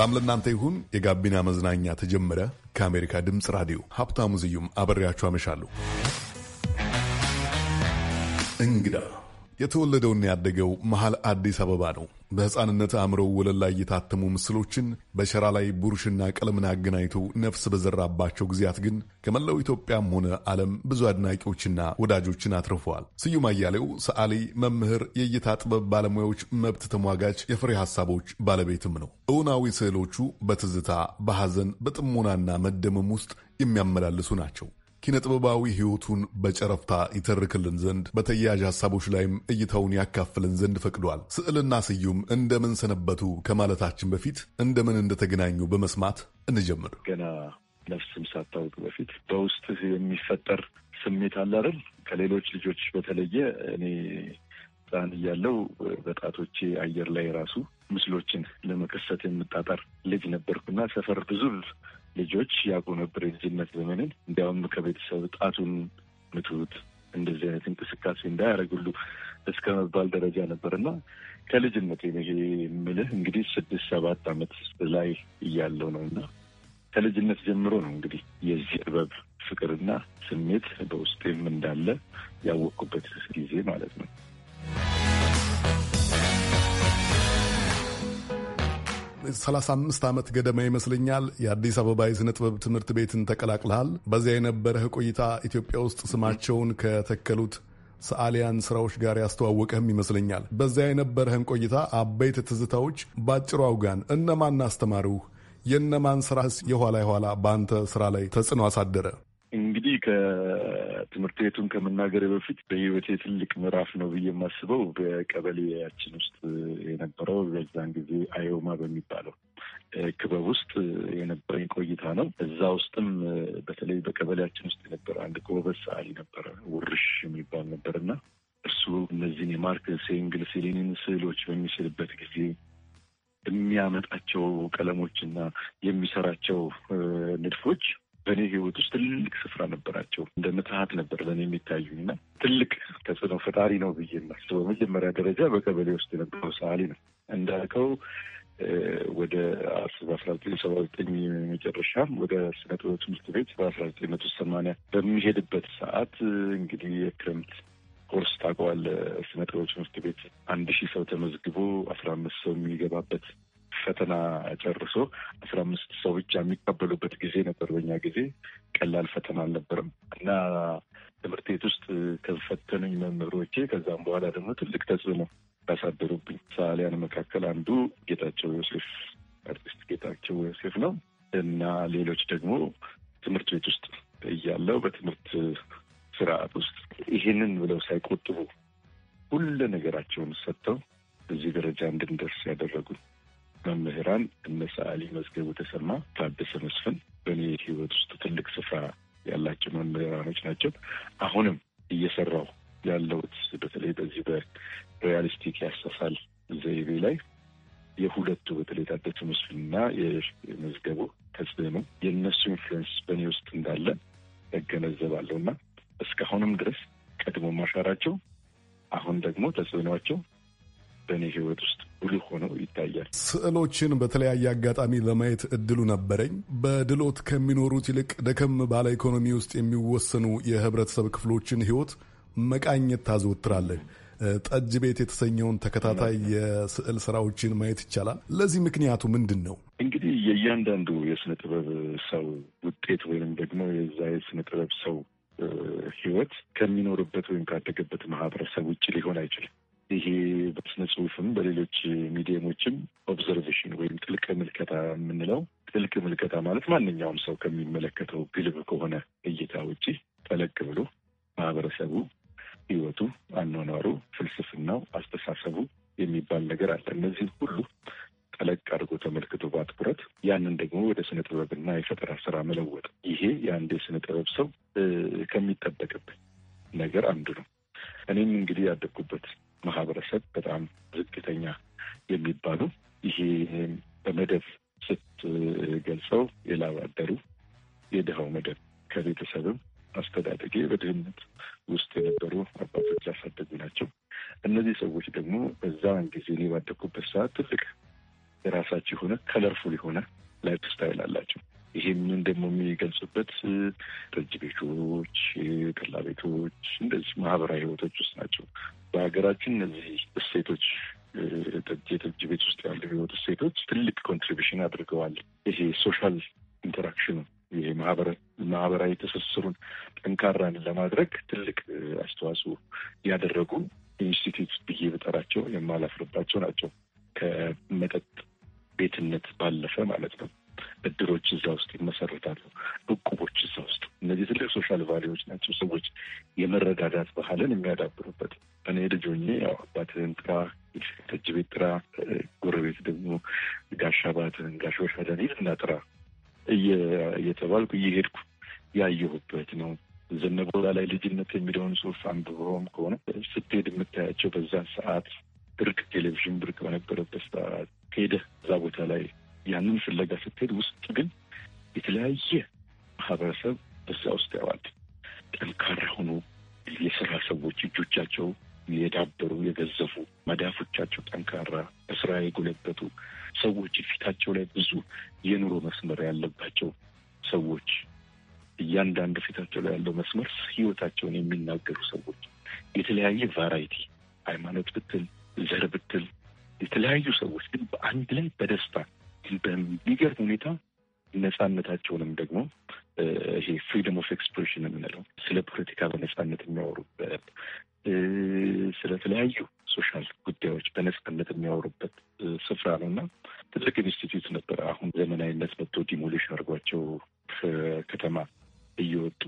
ሰላም ለእናንተ ይሁን። የጋቢና መዝናኛ ተጀመረ። ከአሜሪካ ድምፅ ራዲዮ ሀብታሙ ዝዩም አበሬያችሁ አመሻለሁ። እንግዳ የተወለደውና ያደገው መሀል አዲስ አበባ ነው። በሕፃንነት አእምሮ ወለል ላይ የታተሙ ምስሎችን በሸራ ላይ ብሩሽና ቀለምን አገናኝቶ ነፍስ በዘራባቸው ጊዜያት ግን ከመላው ኢትዮጵያም ሆነ ዓለም ብዙ አድናቂዎችና ወዳጆችን አትርፈዋል። ስዩም አያሌው ሰዓሊ፣ መምህር፣ የእይታ ጥበብ ባለሙያዎች መብት ተሟጋች፣ የፍሬ ሐሳቦች ባለቤትም ነው። እውናዊ ስዕሎቹ በትዝታ በሐዘን በጥሞናና መደመም ውስጥ የሚያመላልሱ ናቸው። ኪነጥበባዊ ሕይወቱን በጨረፍታ ይተርክልን ዘንድ በተያያዥ ሀሳቦች ላይም እይታውን ያካፍልን ዘንድ ፈቅዷል። ስዕልና ስዩም እንደምን ሰነበቱ ከማለታችን በፊት እንደምን እንደተገናኙ በመስማት እንጀምር። ገና ነፍስም ሳታውቅ በፊት በውስጥህ የሚፈጠር ስሜት አለ አይደል? ከሌሎች ልጆች በተለየ እኔ ሕፃን እያለው በጣቶቼ አየር ላይ ራሱ ምስሎችን ለመከሰት የምጣጠር ልጅ ነበርኩና ሰፈር ብዙ ልጆች ያውቁ ነበር የልጅነት ዘመንን። እንዲያውም ከቤተሰብ ጣቱን ምቱት እንደዚህ አይነት እንቅስቃሴ እንዳያደርግሉ እስከ መባል ደረጃ ነበር እና ከልጅነት ይሄ የምልህ እንግዲህ ስድስት ሰባት ዓመት ላይ እያለው ነው እና ከልጅነት ጀምሮ ነው እንግዲህ የዚህ ጥበብ ፍቅርና ስሜት በውስጤም እንዳለ ያወቅኩበት ጊዜ ማለት ነው። 35 ዓመት ገደማ ይመስለኛል የአዲስ አበባ የስነ ጥበብ ትምህርት ቤትን ተቀላቅለሃል። በዚያ የነበረህ ቆይታ ኢትዮጵያ ውስጥ ስማቸውን ከተከሉት ሰዓሊያን ስራዎች ጋር ያስተዋወቀህም ይመስለኛል። በዚያ የነበረህን ቆይታ አበይት ትዝታዎች በአጭሩ አውጋን። እነማን አስተማሩህ? የእነማን ስራስ የኋላ የኋላ በአንተ ስራ ላይ ተጽዕኖ አሳደረ? እንግዲህ ከትምህርት ቤቱን ከመናገር በፊት በህይወቴ ትልቅ ምዕራፍ ነው ብዬ የማስበው በቀበሌያችን ውስጥ የነበረው በዛን ጊዜ አዮማ በሚባለው ክበብ ውስጥ የነበረኝ ቆይታ ነው። እዛ ውስጥም በተለይ በቀበሌያችን ውስጥ የነበረ አንድ ጎበዝ ሰዓሊ ነበረ፣ ውርሽ የሚባል ነበር እና እርሱ እነዚህን የማርክስ የእንግሊዝ ሴሌኒን ስዕሎች በሚስልበት ጊዜ የሚያመጣቸው ቀለሞችና የሚሰራቸው ንድፎች በእኔ ህይወት ውስጥ ትልቅ ስፍራ ነበራቸው። እንደ ምትሀት ነበር በእኔ የሚታዩኝና ትልቅ ተጽዕኖ ፈጣሪ ነው ብዬ ማስ በመጀመሪያ ደረጃ በቀበሌ ውስጥ የነበረው ሰዓሊ ነው እንዳልከው ወደ በአስራ ዘጠኝ ሰባ ዘጠኝ መጨረሻ ወደ ስነ ጥበብ ትምህርት ቤት በአስራ ዘጠኝ መቶ ሰማንያ በሚሄድበት ሰዓት እንግዲህ የክረምት ኮርስ ታውቀዋለህ። ስነ ጥበብ ትምህርት ቤት አንድ ሺህ ሰው ተመዝግቦ አስራ አምስት ሰው የሚገባበት ፈተና ጨርሶ አስራ አምስት ሰው ብቻ የሚቀበሉበት ጊዜ ነበር። በኛ ጊዜ ቀላል ፈተና አልነበረም እና ትምህርት ቤት ውስጥ ከፈተኑኝ መምህሮቼ ከዛም በኋላ ደግሞ ትልቅ ተጽዕኖ ያሳደሩብኝ ሰዓሊያን መካከል አንዱ ጌታቸው ዮሴፍ አርቲስት ጌታቸው ዮሴፍ ነው እና ሌሎች ደግሞ ትምህርት ቤት ውስጥ እያለው በትምህርት ስርዓት ውስጥ ይህንን ብለው ሳይቆጥቡ ሁሉ ነገራቸውን ሰጥተው እዚህ ደረጃ እንድንደርስ ያደረጉን መምህራን እነ ሰዓሊ መዝገቡ ተሰማ፣ ታደሰ መስፍን በእኔ ህይወት ውስጥ ትልቅ ስፍራ ያላቸው መምህራኖች ናቸው። አሁንም እየሰራው ያለሁት በተለይ በዚህ በሪያሊስቲክ ያሳሳል ዘይቤ ላይ የሁለቱ በተለይ ታደሰ መስፍንና የመዝገቡ ተጽዕኖ የእነሱ ኢንፍሉዌንስ በእኔ ውስጥ እንዳለ እገነዘባለሁ እና እስካሁንም ድረስ ቀድሞ ማሻራቸው አሁን ደግሞ ተጽዕኖቸው በእኔ ህይወት ውስጥ ጉልህ ሆነው ይታያል። ስዕሎችን በተለያየ አጋጣሚ ለማየት እድሉ ነበረኝ። በድሎት ከሚኖሩት ይልቅ ደከም ባለ ኢኮኖሚ ውስጥ የሚወሰኑ የህብረተሰብ ክፍሎችን ህይወት መቃኘት ታዘወትራለህ። ጠጅ ቤት የተሰኘውን ተከታታይ የስዕል ስራዎችን ማየት ይቻላል። ለዚህ ምክንያቱ ምንድን ነው? እንግዲህ የእያንዳንዱ የስነ ጥበብ ሰው ውጤት ወይም ደግሞ የዛ የስነ ጥበብ ሰው ህይወት ከሚኖርበት ወይም ካደገበት ማህበረሰብ ውጭ ሊሆን አይችልም። ይሄ በስነ ጽሁፍም በሌሎች ሚዲየሞችም ኦብዘርቬሽን ወይም ጥልቅ ምልከታ የምንለው ጥልቅ ምልከታ ማለት ማንኛውም ሰው ከሚመለከተው ግልብ ከሆነ እይታ ውጪ ጠለቅ ብሎ ማህበረሰቡ፣ ህይወቱ፣ አኗኗሩ፣ ፍልስፍናው፣ አስተሳሰቡ የሚባል ነገር አለ። እነዚህ ሁሉ ጠለቅ አድርጎ ተመልክቶ በአትኩረት ያንን ደግሞ ወደ ስነ ጥበብና የፈጠራ ስራ መለወጥ ይሄ የአንድ የስነ ጥበብ ሰው ከሚጠበቅበት ነገር አንዱ ነው። እኔም እንግዲህ ያደግኩበት ማህበረሰብ በጣም ዝቅተኛ የሚባሉ ይሄ በመደብ ስትገልጸው የላብ አደሩ የድሃው መደብ ከቤተሰብም አስተዳደጌ በድህነት ውስጥ የነበሩ አባቶች ያሳደጉ ናቸው። እነዚህ ሰዎች ደግሞ በዛን ጊዜ እኔ ሰዓት ትልቅ የራሳቸው የሆነ ከለርፉል የሆነ ላይፍ ስታይል አላቸው። ይህንን ደግሞ የሚገልጹበት ጠጅ ቤቶች፣ ጠላ ቤቶች እንደዚህ ማህበራዊ ህይወቶች ውስጥ ናቸው። በሀገራችን እነዚህ እሴቶች ጠጅ የጠጅ ቤት ውስጥ ያሉ ህይወት እሴቶች ትልቅ ኮንትሪቢሽን አድርገዋል። ይሄ ሶሻል ኢንተራክሽኑ ይሄ ማህበራዊ ትስስሩን ጠንካራን ለማድረግ ትልቅ አስተዋጽኦ ያደረጉ ኢንስቲትዩት ብዬ ብጠራቸው የማላፍርባቸው ናቸው። ከመጠጥ ቤትነት ባለፈ ማለት ነው። እድሮች እዛ ውስጥ ይመሰረታሉ። እቁቦች እዛ ውስጥ እነዚህ ትልቅ ሶሻል ቫሊዎች ናቸው። ሰዎች የመረጋጋት ባህልን የሚያዳብሩበት እኔ ልጆኜ ያው አባትህን ጥራ፣ ተጅ ቤት ጥራ፣ ጎረቤት ደግሞ ጋሻ አባትህን ጋሻ ወሻዳን ሂድና ጥራ እየተባልኩ እየሄድኩ ያየሁበት ነው። ዘነጎላ ላይ ልጅነት የሚለውን ጽሑፍ አንብበውም ከሆነ ስትሄድ የምታያቸው በዛ ሰዓት ብርቅ ቴሌቪዥን ብርቅ በነበረበት ሰዓት ሄደህ እዛ ቦታ ላይ ያንን ፍለጋ ስትሄድ ውስጥ ግን የተለያየ ማህበረሰብ በዛ ውስጥ ያዋል። ጠንካራ ሆኖ የስራ ሰዎች እጆቻቸው የዳበሩ የገዘፉ፣ መዳፎቻቸው ጠንካራ በስራ የጎለበቱ ሰዎች፣ ፊታቸው ላይ ብዙ የኑሮ መስመር ያለባቸው ሰዎች፣ እያንዳንዱ ፊታቸው ላይ ያለው መስመር ህይወታቸውን የሚናገሩ ሰዎች፣ የተለያየ ቫራይቲ ሃይማኖት ብትል ዘር ብትል የተለያዩ ሰዎች ግን በአንድ ላይ በደስታ በሚገርም ሁኔታ ነጻነታቸውንም ደግሞ ይሄ ፍሪደም ኦፍ ኤክስፕሬሽን የምንለው ስለ ፖለቲካ በነጻነት የሚያወሩበት ስለተለያዩ ሶሻል ጉዳዮች በነጻነት የሚያወሩበት ስፍራ ነው እና ትልቅ ኢንስቲትዩት ነበር። አሁን ዘመናዊነት መጥቶ ዲሞሊሽ አድርጓቸው ከተማ እየወጡ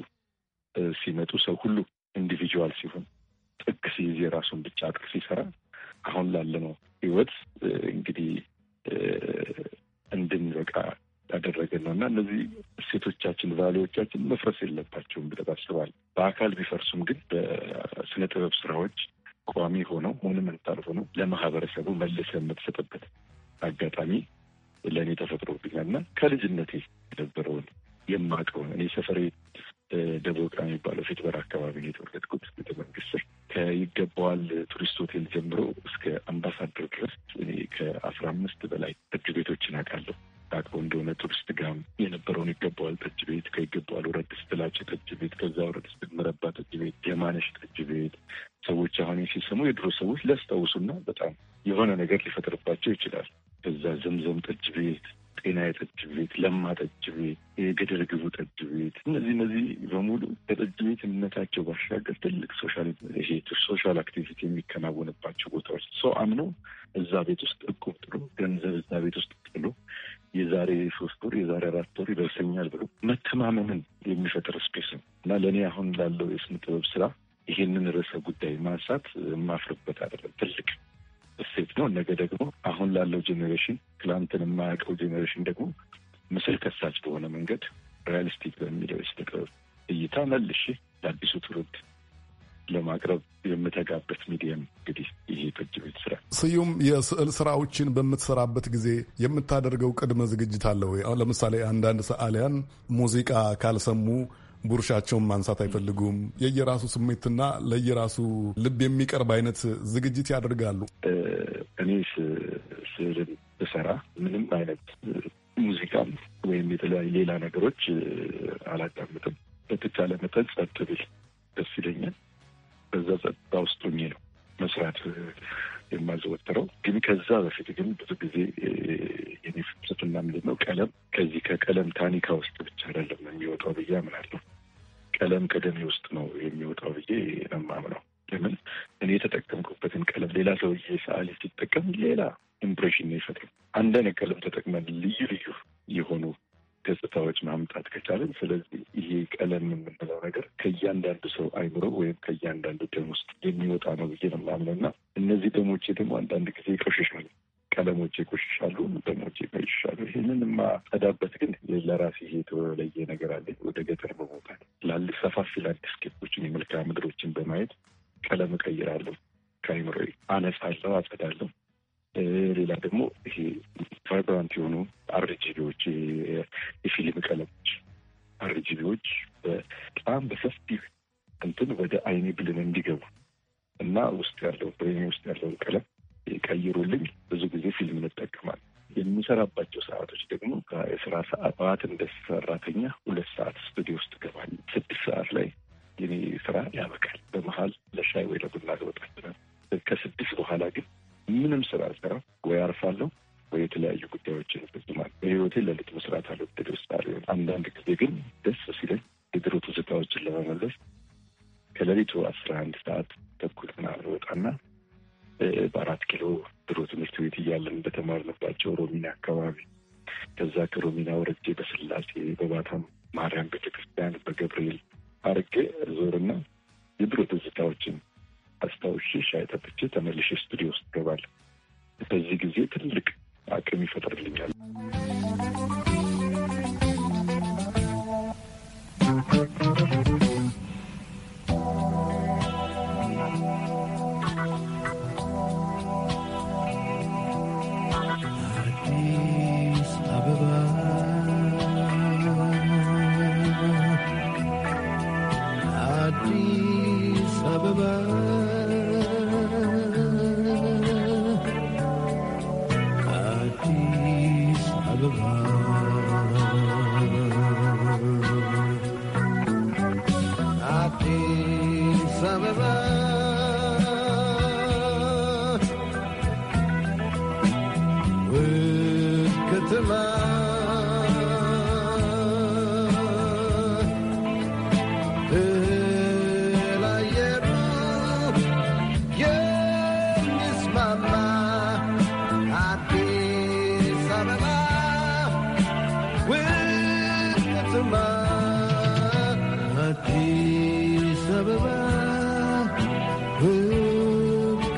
ሲመጡ ሰው ሁሉ ኢንዲቪጁዋል ሲሆን ጥግ ሲይዝ የራሱን ብቻ አጥር ሲሰራ አሁን ላለነው ህይወት እንግዲህ ነው እና እነዚህ እሴቶቻችን ቫሌዎቻችን መፍረስ የለባቸውም ብለት አስባል። በአካል ቢፈርሱም ግን በስነ ጥበብ ስራዎች ቋሚ ሆነው ሞኑመንታል ሆነው ለማህበረሰቡ መልሰ የምትሰጥበት አጋጣሚ ለእኔ ተፈጥሮብኛል እና ከልጅነቴ የነበረውን የማውቀውን እኔ ሰፈሬ ቅራ የሚባለው ፊት በር አካባቢ የተወለድኩት ቤተ መንግስት ስር ከይገባዋል ቱሪስት ሆቴል ጀምሮ እስከ አምባሳደር ድረስ እኔ ከአስራ አምስት በላይ ጠጅ ቤቶችን አውቃለሁ። አጣጥቦ እንደሆነ ቱሪስት ጋም የነበረውን ይገባዋል ጠጅ ቤት ከይገባዋል ውረድ ስትላቸ ጠጅ ቤት ከዛ ውረድ ስትል ጠጅ ቤት፣ የማነሽ ጠጅ ቤት ሰዎች አሁን ሲሰሙ የድሮ ሰዎች ሊያስታውሱና በጣም የሆነ ነገር ሊፈጥርባቸው ይችላል። ከዛ ዘምዘም ጠጅ ቤት፣ ጤና የጠጅ ቤት፣ ለማ ጠጅ ቤት፣ የገደር ግቡ ጠጅ ቤት እነዚህ እነዚህ በሙሉ ከጠጅ ቤትነታቸው ባሻገር ትልቅ ሶሻል ሶሻል አክቲቪቲ የሚከናወንባቸው ቦታዎች ሰው አምኖ እዛ ቤት ውስጥ እቁብ ጥሎ ገንዘብ እዛ ቤት ውስጥ የዛሬ ሶስት ወር የዛሬ አራት ወር ይደርሰኛል ብሎ መተማመንን የሚፈጥር ስፔስ ነው እና ለእኔ አሁን ላለው የስነ ጥበብ ስራ ይህንን ርዕሰ ጉዳይ ማንሳት የማፍርበት አይደለም። ትልቅ እሴት ነው። ነገ ደግሞ አሁን ላለው ጄኔሬሽን፣ ትላንትን የማያውቀው ጄኔሬሽን ደግሞ ምስል ከሳች በሆነ መንገድ ሪያሊስቲክ በሚለው የስነ ጥበብ እይታ መልሼ ለአዲሱ ትውልድ ለማቅረብ የምተጋበት ሚዲየም እንግዲህ ይሄ ፍጅ ቤት ስራ። ስዩም፣ የስዕል ስራዎችን በምትሰራበት ጊዜ የምታደርገው ቅድመ ዝግጅት አለ ወይ? አሁን ለምሳሌ አንዳንድ ሰዓሊያን ሙዚቃ ካልሰሙ ቡርሻቸውን ማንሳት አይፈልጉም። የየራሱ ስሜትና ለየራሱ ልብ የሚቀርብ አይነት ዝግጅት ያደርጋሉ። እኔ ስዕልን ብሰራ ምንም አይነት ሙዚቃም ወይም የተለያዩ ሌላ ነገሮች አላዳምጥም። በተቻለ መጠን ጸጥ ብል ደስ ይለኛል። በዛ ጸጥታ ውስጥ ሆኜ ነው መስራት የማዘወትረው። ግን ከዛ በፊት ግን ብዙ ጊዜ የኔ ፍልስፍና ምንድን ነው፣ ቀለም ከዚህ ከቀለም ታኒካ ውስጥ ብቻ አይደለም የሚወጣው ብዬ አምናለሁ። ቀለም ከደሜ ውስጥ ነው የሚወጣው ብዬ የማምነው። ለምን እኔ የተጠቀምኩበትን ቀለም ሌላ ሰውዬ ሰዓሊ ሲጠቀም ሌላ ኢምፕሬሽን ነው ይፈጥራል። አንድ አይነት ቀለም ተጠቅመን ልዩ ልዩ የሆኑ ገጽታዎች ማምጣት ከቻለን፣ ስለዚህ ይሄ ቀለም የምንለው ነገር ከእያንዳንዱ ሰው አይምሮ ወይም ከእያንዳንዱ ደም ውስጥ የሚወጣ ነው ብዬ ነው የማምነው እና እነዚህ ደሞቼ ደግሞ አንዳንድ ጊዜ ይቆሽሻሉ። ቀለሞች ይቆሽሻሉ፣ ደሞች ይቆሽሻሉ። ይህንን የማጸዳበት ግን ለራሴ ይሄ የተለየ ነገር አለ። ወደ ገጠር በመውጣት ላል ሰፋፊ ላንድስኬፖችን የመልክዓ ምድሮችን በማየት ቀለም እቀይራለሁ፣ ከአይምሮ አነሳለሁ፣ አጸዳለሁ። ሌላ ደግሞ ይሄ ቫይብራንት የሆኑ አርጂቢዎች የፊልም ቀለሞች አርጂቢዎች በጣም በሰፊ እንትን ወደ አይኔ ብልን እንዲገቡ እና ውስጥ ያለው በአይኔ ውስጥ ያለውን ቀለም ቀይሩልኝ። ብዙ ጊዜ ፊልም እንጠቀማል። የሚሰራባቸው ሰዓቶች ደግሞ የስራ ሰዓት ጠዋት እንደ ሰራተኛ ሁለት ሰዓት ስቱዲዮ ውስጥ ገባል። ስድስት ሰዓት ላይ የኔ ስራ ያበቃል። በመሀል ለሻይ ወይ ለቡና ልወጣ ከስድስት በኋላ ግን ምንም ስራ አልሰራም። ወይ አርፋለሁ ወይ የተለያዩ ጉዳዮችን ይፈጽማል። በህይወቴ ለልጥ መስራት አልወደደ ውስጥ አንዳንድ ጊዜ ግን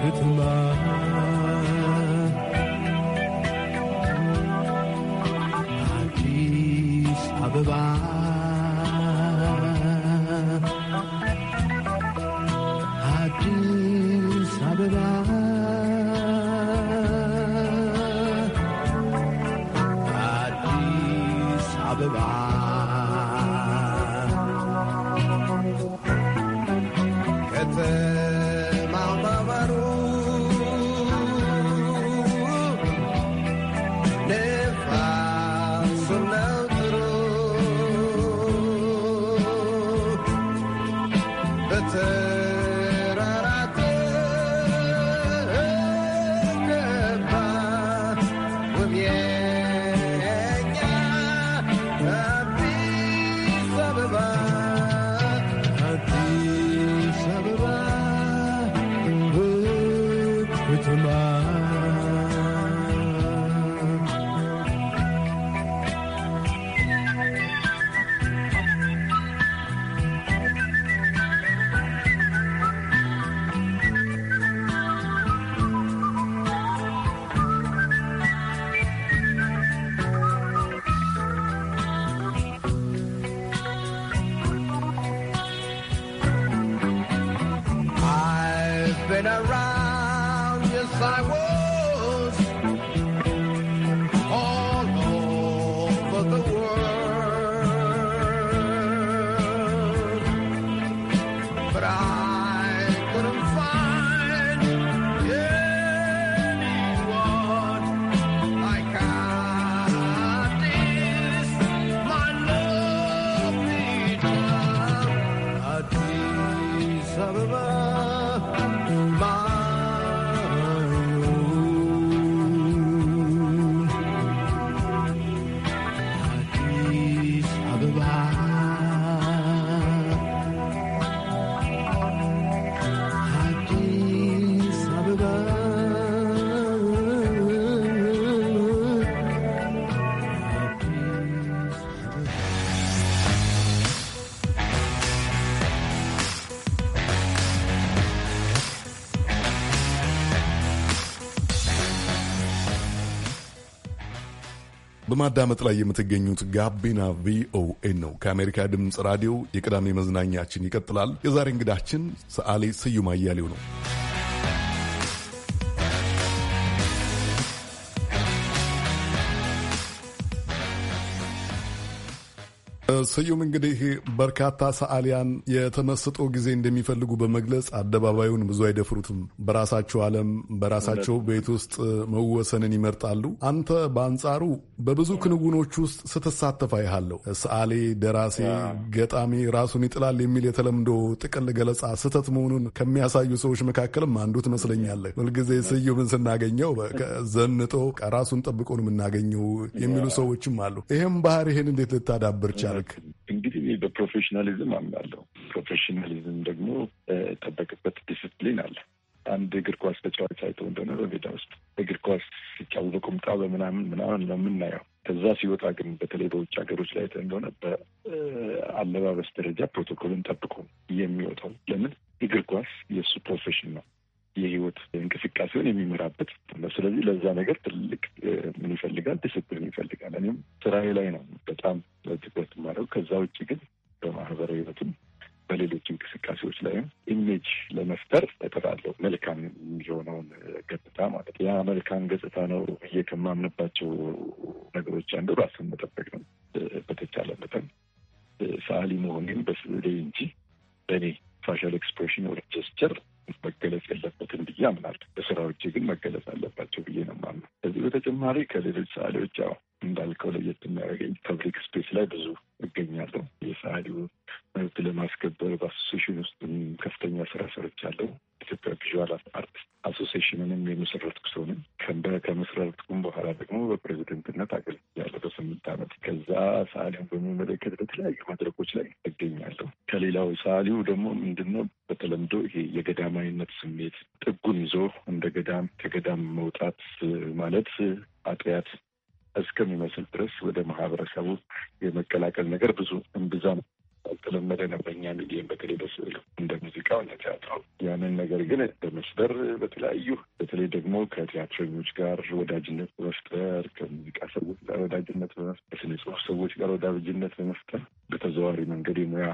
It በማዳመጥ ላይ የምትገኙት ጋቢና ቪኦኤ ነው ከአሜሪካ ድምፅ ራዲዮ። የቅዳሜ መዝናኛችን ይቀጥላል። የዛሬ እንግዳችን ሰዓሊ ስዩም አያሌው ነው። ስዩም እንግዲህ በርካታ ሰዓሊያን የተመስጦ ጊዜ እንደሚፈልጉ በመግለጽ አደባባዩን ብዙ አይደፍሩትም። በራሳቸው ዓለም በራሳቸው ቤት ውስጥ መወሰንን ይመርጣሉ። አንተ በአንጻሩ በብዙ ክንውኖች ውስጥ ስትሳተፍ አይሃለሁ። ሰዓሌ፣ ደራሴ፣ ገጣሚ ራሱን ይጥላል የሚል የተለምዶ ጥቅል ገለጻ ስህተት መሆኑን ከሚያሳዩ ሰዎች መካከልም አንዱ ትመስለኛለህ። ሁልጊዜ ስዩምን ስናገኘው ዘንጦ ራሱን ጠብቆ ነው የምናገኘው የሚሉ ሰዎችም አሉ። ይህም ባህሪህን እንዴት ልታዳብር ቻል? ማድረግ? እንግዲህ በፕሮፌሽናሊዝም አምናለሁ። ፕሮፌሽናሊዝም ደግሞ ጠበቅበት ዲስፕሊን አለ። አንድ እግር ኳስ ተጫዋች አይተው እንደሆነ በሜዳ ውስጥ እግር ኳስ ሲጫወት በቁምጣ በምናምን ምናምን ነው የምናየው። ከዛ ሲወጣ ግን በተለይ በውጭ ሀገሮች ላይ እንደሆነ በአለባበስ ደረጃ ፕሮቶኮልን ጠብቆ የሚወጣው ለምን? እግር ኳስ የእሱ ፕሮፌሽን ነው የህይወት እንቅስቃሴውን የሚመራበት ነው። ስለዚህ ለዛ ነገር ትልቅ ምን ይፈልጋል? ዲስፕሊን ይፈልጋል። እኔም ስራዬ ላይ ነው በጣም የምንማረው። ከዛ ውጭ ግን በማህበራዊ ህይወትም በሌሎች እንቅስቃሴዎች ላይም ኢሜጅ ለመፍጠር እጥራለሁ። መልካም የሆነውን ገጽታ ማለት ያ መልካም ገጽታ ነው ብዬ ከማምንባቸው ነገሮች አንዱ ራስን መጠበቅ ነው። ምንድን ነው በተለምዶ ይሄ የገዳማዊነት ስሜት ጥጉን ይዞ እንደ ገዳም ከገዳም መውጣት ማለት አጥያት እስከሚመስል ድረስ ወደ ማህበረሰቡ የመቀላቀል ነገር ብዙ እምብዛም ያልተለመደ ነው በእኛ ሚዲየም በተለይ በስዕል እንደ ሙዚቃው እንደ ቲያትሮ ያንን ነገር ግን በመስበር በተለያዩ በተለይ ደግሞ ከቲያትረኞች ጋር ወዳጅነት በመፍጠር ከሙዚቃ ሰዎች ጋር ወዳጅነት በመፍጠር ከስነ ጽሁፍ ሰዎች ጋር ወዳጅነት በመፍጠር በተዘዋዋሪ መንገድ የሙያ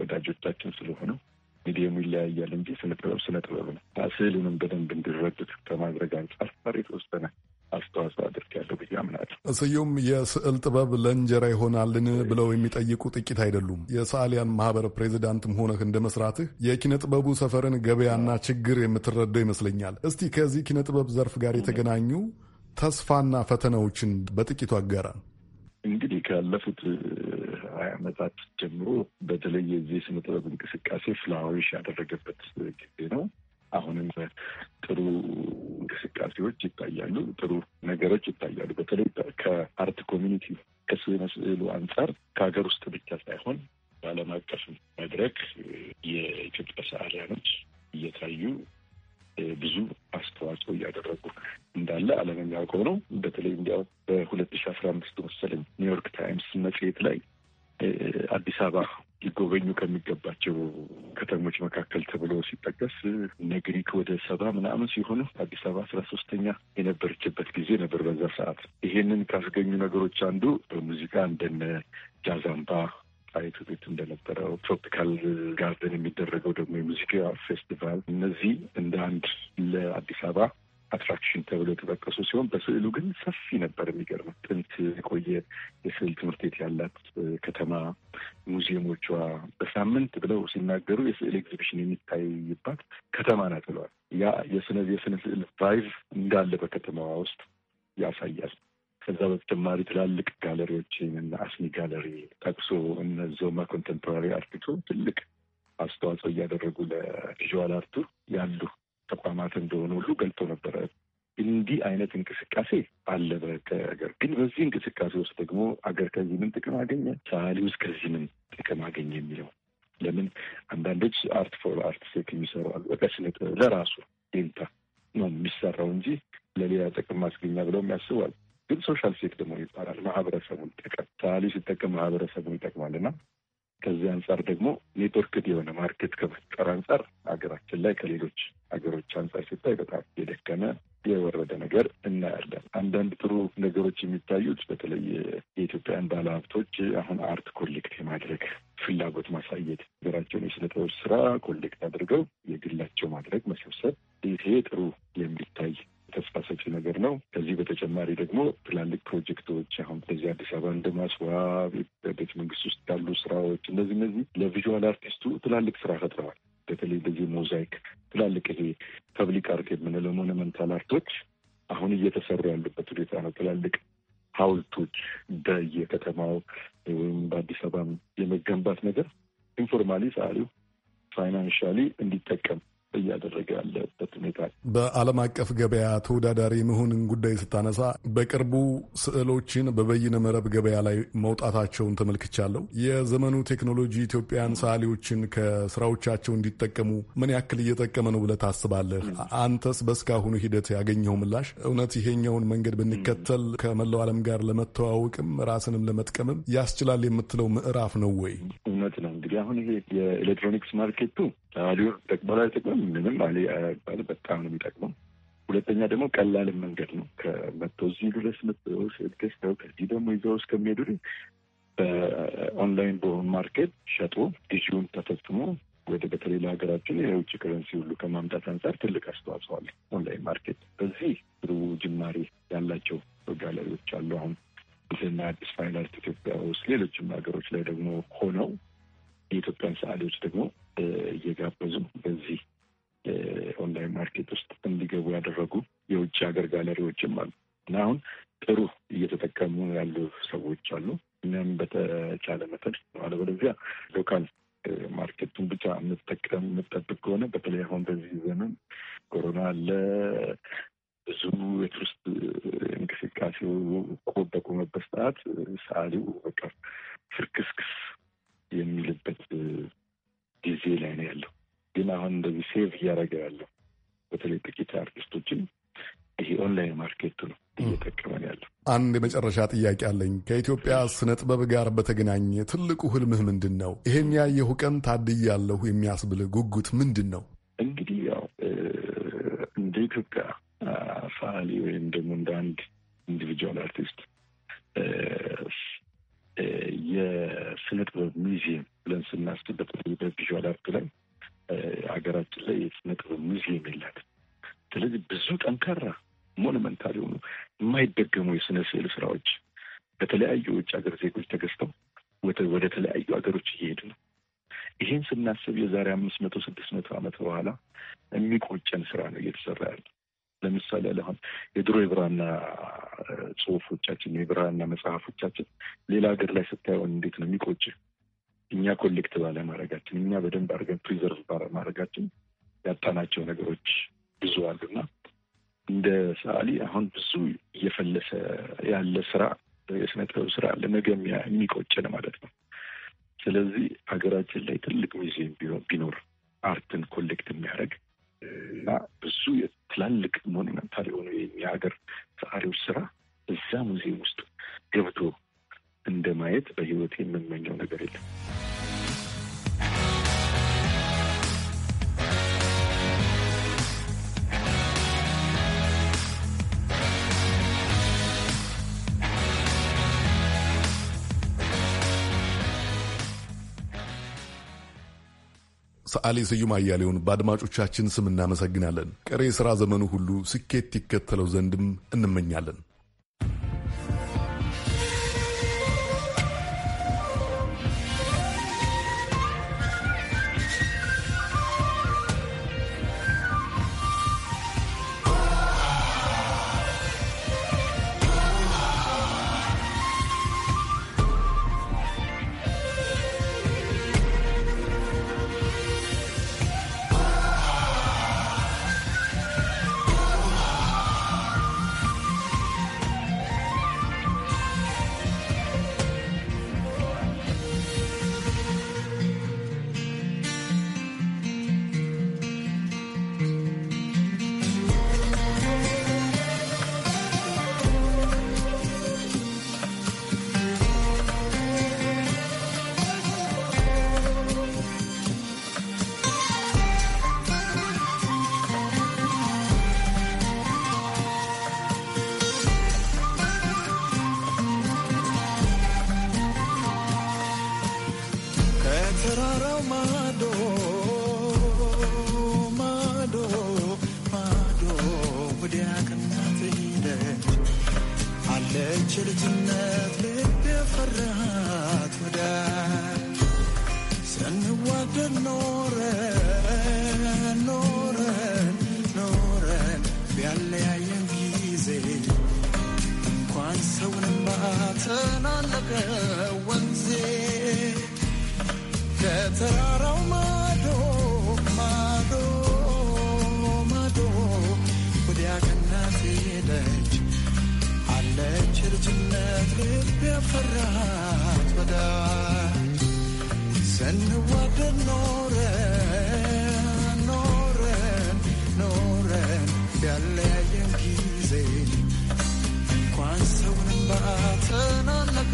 ወዳጆቻችን ስለሆነው ሚዲየሙ ይለያያል እንጂ ስነ ጥበብ ስነ ጥበብ ነው። ስዕሉንም በደንብ እንዲረዱት ከማድረግ አንጻር ፈር የተወሰነ አስተዋጽኦ አድርጌያለሁ ብዬ አምናለሁ። እስዩም የስዕል ጥበብ ለእንጀራ ይሆናልን ብለው የሚጠይቁ ጥቂት አይደሉም። የሰዓሊያን ማህበር ፕሬዚዳንትም ሆነህ እንደ መስራትህ የኪነ ጥበቡ ሰፈርን ገበያና ችግር የምትረዳው ይመስለኛል። እስቲ ከዚህ ኪነ ጥበብ ዘርፍ ጋር የተገናኙ ተስፋና ፈተናዎችን በጥቂቱ አጋራ። እንግዲህ ካለፉት ዓመታት ጀምሮ በተለይ የዚህ ስነ ጥበብ እንቅስቃሴ ፍላወሪሽ ያደረገበት ጊዜ ነው። አሁንም ጥሩ እንቅስቃሴዎች ይታያሉ፣ ጥሩ ነገሮች ይታያሉ። በተለይ ከአርት ኮሚኒቲ ከስዕል ስዕሉ አንጻር ከሀገር ውስጥ ብቻ ሳይሆን በዓለም አቀፍ መድረክ የኢትዮጵያ ሰዓሊያኖች እየታዩ ብዙ አስተዋጽኦ እያደረጉ እንዳለ ዓለም የሚያውቀው ነው። በተለይ እንዲያው በሁለት ሺ አስራ አምስት መሰለኝ ኒውዮርክ ታይምስ መጽሔት ላይ አዲስ አበባ ሊጎበኙ ከሚገባቸው ከተሞች መካከል ተብሎ ሲጠቀስ እነ ግሪክ ወደ ሰባ ምናምን ሲሆኑ አዲስ አበባ አስራ ሶስተኛ የነበረችበት ጊዜ ነበር በዛ ሰዓት። ይሄንን ካስገኙ ነገሮች አንዱ በሙዚቃ እንደነ ጃዛምባ ጣይቱ ቤት እንደነበረው ትሮፒካል ጋርደን የሚደረገው ደግሞ የሙዚቃ ፌስቲቫል፣ እነዚህ እንደ አንድ ለአዲስ አበባ አትራክሽን ተብሎ የተጠቀሱ ሲሆን በስዕሉ ግን ሰፊ ነበር። የሚገርመው ጥንት የቆየ የስዕል ትምህርት ቤት ያላት ከተማ ሙዚየሞቿ በሳምንት ብለው ሲናገሩ የስዕል ኤግዚቢሽን የሚታይባት ከተማ ናት ብለዋል። ያ የስነ የስነ ስዕል ቫይቭ እንዳለ በከተማዋ ውስጥ ያሳያል። ከዛ በተጨማሪ ትላልቅ ጋለሪዎችን እና አስኒ ጋለሪ ጠቅሶ እነ ዞማ ኮንቴምፖራሪ ትልቅ አስተዋጽኦ እያደረጉ ለቪዥዋል አርቱ ያሉ ተቋማት እንደሆነ ሁሉ ገልጦ ነበረ። እንዲህ አይነት እንቅስቃሴ አለ በሀገር ግን በዚህ እንቅስቃሴ ውስጥ ደግሞ አገር ከዚህ ምን ጥቅም አገኘ፣ ሰዓሊ ውስጥ ከዚህ ምን ጥቅም አገኘ የሚለው ለምን አንዳንዶች አርት ፎር አርት ሴክ የሚሰሩ አሉ። በቃ ለራሱ ዴንታ ነው የሚሰራው እንጂ ለሌላ ጥቅም ማስገኛ ብለውም ያስባሉ። ግን ሶሻል ሴክ ደግሞ ይባላል ማህበረሰቡን ጠቀም ሰዓሊ ሲጠቀም ማህበረሰቡን ይጠቅማል እና ከዚህ አንጻር ደግሞ ኔትወርክድ የሆነ ማርኬት ከመፍጠር አንጻር ሀገራችን ላይ ከሌሎች ሀገሮች አንጻር ሲታይ በጣም የደከመ የወረደ ነገር እናያለን። አንዳንድ ጥሩ ነገሮች የሚታዩት በተለይ የኢትዮጵያን ባለሀብቶች አሁን አርት ኮሌክት የማድረግ ፍላጎት ማሳየት፣ ሀገራቸውን የስነ ስራ ኮሌክት አድርገው የግላቸው ማድረግ መሰብሰብ፣ ይሄ ጥሩ በተጨማሪ ደግሞ ትላልቅ ፕሮጀክቶች አሁን በዚህ አዲስ አበባ እንደ ማስዋብ፣ ቤተ መንግስት ውስጥ ያሉ ስራዎች እነዚህ እነዚህ ለቪዥዋል አርቲስቱ ትላልቅ ስራ ፈጥረዋል። በተለይ በዚህ ሞዛይክ ትላልቅ ይሄ ፐብሊክ አርት የምንለው ሞኑመንታል አርቶች አሁን እየተሰሩ ያሉበት ሁኔታ ነው። ትላልቅ ሀውልቶች በየከተማው ወይም በአዲስ አበባ የመገንባት ነገር ኢንፎርማሊ ሰዓሊው ፋይናንሻሊ እንዲጠቀም እያደረገ ያለበት ሁኔታ። በዓለም አቀፍ ገበያ ተወዳዳሪ መሆንን ጉዳይ ስታነሳ በቅርቡ ስዕሎችን በበይነ መረብ ገበያ ላይ መውጣታቸውን ተመልክቻለሁ። የዘመኑ ቴክኖሎጂ ኢትዮጵያን ሰዓሊዎችን ከስራዎቻቸው እንዲጠቀሙ ምን ያክል እየጠቀመ ነው ብለህ ታስባለህ? አንተስ በእስካሁኑ ሂደት ያገኘው ምላሽ እውነት ይሄኛውን መንገድ ብንከተል ከመላው ዓለም ጋር ለመተዋወቅም ራስንም ለመጥቀምም ያስችላል የምትለው ምዕራፍ ነው ወይ? እውነት ነው እንግዲህ አሁን ይሄ የኤሌክትሮኒክስ ማርኬቱ ሰዓሊውን ጠቅበላ ጥቅም ምንም አለ በጣም ነው የሚጠቅመው። ሁለተኛ ደግሞ ቀላልን መንገድ ነው ከመቶ እዚህ ድረስ ገዝተው ከዚህ ደግሞ ይዘው እስከሚሄዱ በኦንላይን በሆን ማርኬት ሸጦ ግዢውን ተፈጽሞ ወደ በተለይ ለሀገራችን የውጭ ከረንሲ ሁሉ ከማምጣት አንጻር ትልቅ አስተዋጽኦ አለ ኦንላይን ማርኬት። በዚህ ጥሩ ጅማሬ ያላቸው ጋለሪዎች አሉ አሁን እና አዲስ ፋይን አርት ኢትዮጵያ ውስጥ ሌሎችም ሀገሮች ላይ ደግሞ ሆነው የኢትዮጵያን ሰዓሊዎች ደግሞ እየጋበዙ በዚህ ኦንላይን ማርኬት ውስጥ እንዲገቡ ያደረጉ የውጭ ሀገር ጋለሪዎችም አሉ እና አሁን ጥሩ እየተጠቀሙ ያሉ ሰዎች አሉ። እኛም በተቻለ መጠን አለበለዚያ ሎካል ማርኬቱን ብቻ የምትጠቀም የምጠብቅ ከሆነ በተለይ አሁን በዚህ ዘመን ኮሮና አለ፣ ብዙ የቱሪስት እንቅስቃሴው በቆመበት ሰዓት ሰዓሊው በቃ ፍርክስክስ የሚልበት ጊዜ ላይ ነው ያለው። ግን አሁን እንደዚህ ሴቭ እያደረገ ያለው በተለይ ጥቂት አርቲስቶችን ይሄ ኦንላይን ማርኬቱ ነው እየጠቀመን ያለው። አንድ የመጨረሻ ጥያቄ አለኝ። ከኢትዮጵያ ስነ ጥበብ ጋር በተገናኘ ትልቁ ህልምህ ምንድን ነው? ይሄን ያየሁ ቀን ታድያለሁ የሚያስብል ጉጉት ምንድን ነው? እንግዲህ ያው እንደ ኢትዮጵያ ፈዓሊ ወይም ደግሞ እንደ አንድ ኢንዲቪጁዋል አርቲስት የስነ ጥበብ ሚዚየም ብለን ስናስብ በተለይ በቪዥዋል አርት ላይ ሀገራችን ላይ የስነ ጥበብ ሙዚየም የላትም። ስለዚህ ብዙ ጠንካራ ሞኑመንታል የሆኑ የማይደገሙ የስነ ስዕል ስራዎች በተለያዩ ውጭ ሀገር ዜጎች ተገዝተው ወደ ተለያዩ ሀገሮች እየሄዱ ነው። ይህን ስናስብ የዛሬ አምስት መቶ ስድስት መቶ ዓመት በኋላ የሚቆጨን ስራ ነው እየተሰራ ያለ። ለምሳሌ አሁን የድሮ የብራና ጽሁፎቻችን የብራና መጽሐፎቻችን ሌላ ሀገር ላይ ስታየሆን እንዴት ነው የሚቆጭ እኛ ኮሌክት ባለማድረጋችን እኛ በደንብ አድርገን ፕሪዘርቭ ባለማድረጋችን ያጣናቸው ነገሮች ብዙ አሉና እንደ ሰዓሊ አሁን ብዙ እየፈለሰ ያለ ስራ የስነ ጥበብ ስራ ለነገ የሚቆጨን ማለት ነው። ስለዚህ ሀገራችን ላይ ትልቅ ሙዚየም ቢኖር አርትን ኮሌክት የሚያደርግ እና ብዙ ትላልቅ ሞኒመንታል የሆኑ የሀገር ሰዓሊዎች ስራ እዛ ሙዚየም ውስጥ ገብቶ እንደ ማየት በህይወት የምመኘው ነገር የለም። ሰዓሊ ስዩም አያሌውን በአድማጮቻችን ስም እናመሰግናለን። ቀሪ የሥራ ዘመኑ ሁሉ ስኬት ይከተለው ዘንድም እንመኛለን። ከተራራው ማዶ ማዶ ማዶ ወዲያ ከናት ሄደች አለች እርጅነት ልብ ያፈራት ወዳጅ ስንዋደድ ኖረን ኖረን ኖረን ያለያየን ጊዜ እንኳን ሰውንም በአተናነቀ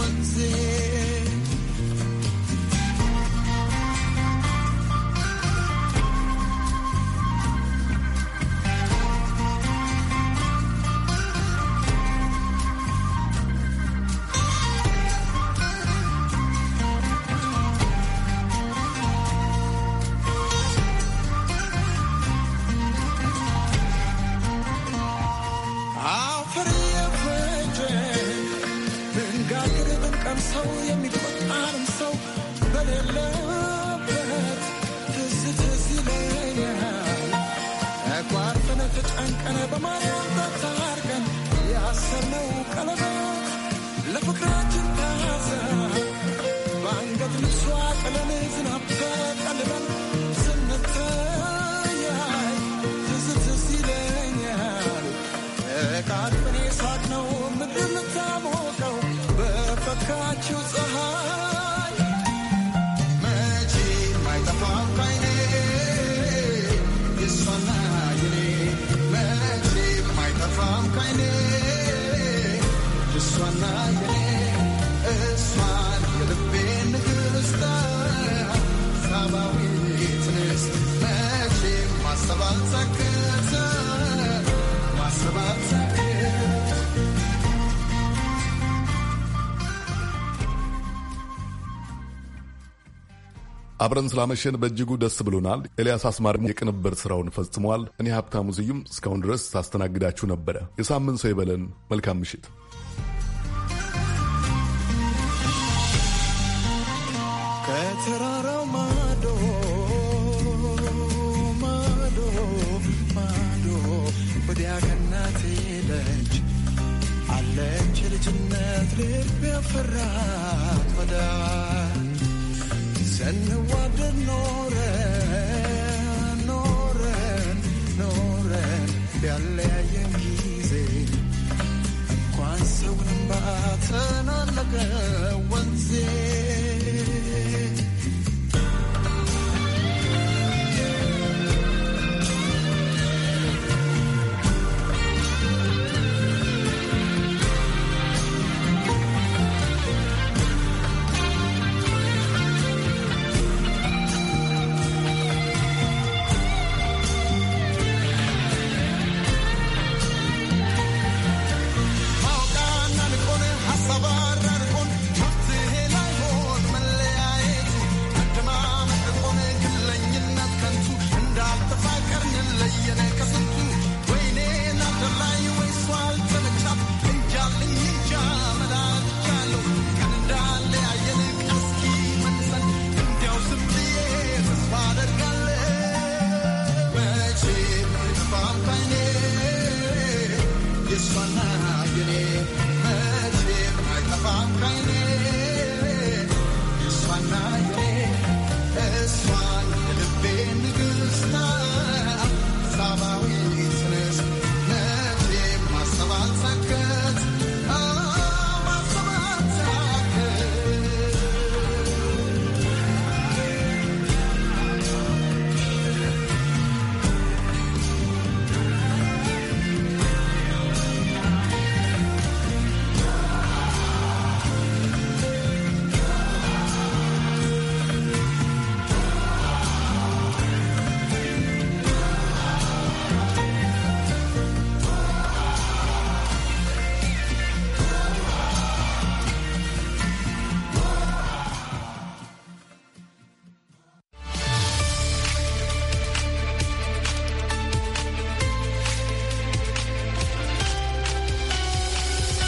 ወንዜ know you አብረን ስላመሸን በእጅጉ ደስ ብሎናል። ኤልያስ አስማሪ የቅንብር ስራውን ፈጽሟል። እኔ ሀብታሙ ስዩም እስካሁን ድረስ ሳስተናግዳችሁ ነበረ። የሳምንት ሰው ይበለን። መልካም ምሽት። ከተራራው ማዶ ማዶ ማዶ ወዲያ ከናቴ አለች ልጅነት ልብ ያፈራት ወዳ ስንዋደድ ኖረን ኖረን ኖረን ጊዜ እንኳን